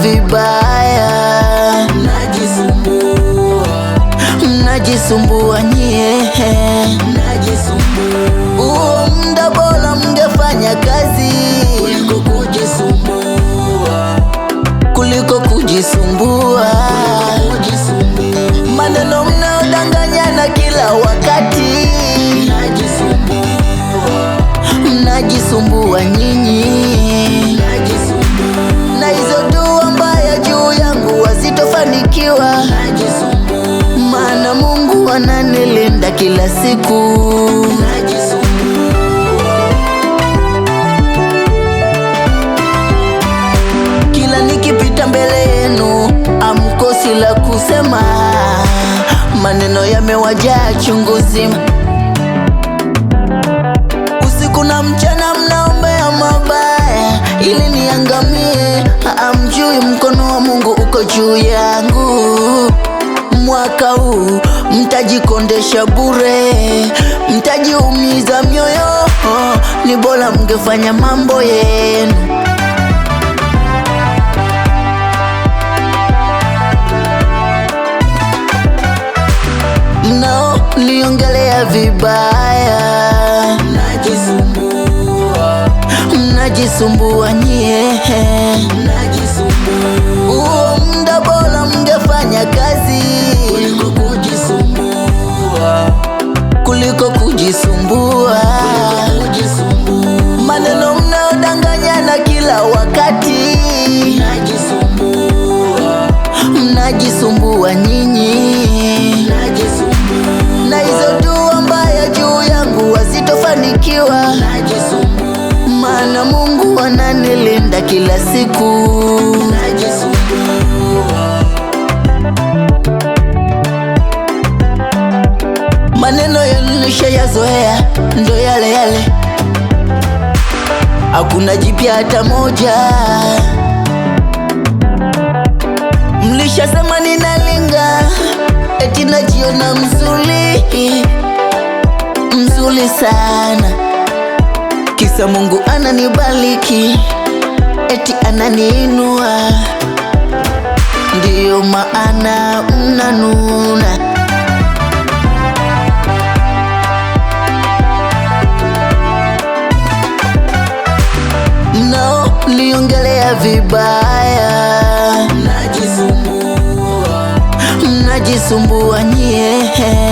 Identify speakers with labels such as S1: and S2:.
S1: vibaya, mnajisumbua nyie. Huo muda bora mngefanya kazi
S2: kuliko kujisumbua,
S1: kuliko kujisumbua.
S2: kufanikiwa,
S1: maana Mungu ananilinda kila siku. Kila nikipita mbele yenu, amkosi la kusema, maneno yamewajaa chungu zima. Usiku na mchana mnaombea mabaya ili niangamie, amjui mkono wa Mungu uko juu ya mwaka huu mtajikondesha bure, mtajiumiza mioyo. Ni bora mngefanya mambo yenu. niongelea vibaya,
S2: mnajisumbua,
S1: mnajisumbua nyie wangu wananilinda kila siku. Maneno ya yazoea ndo yale yale, hakuna jipya hata moja. Mlishasema ninalinga, eti najiona mzuri mzuri sana kisa Mungu ananibariki, eti ananiinua, ndiyo maana mnanuna niongelea vibaya,
S2: mnajisumbua
S1: mnajisumbua nyie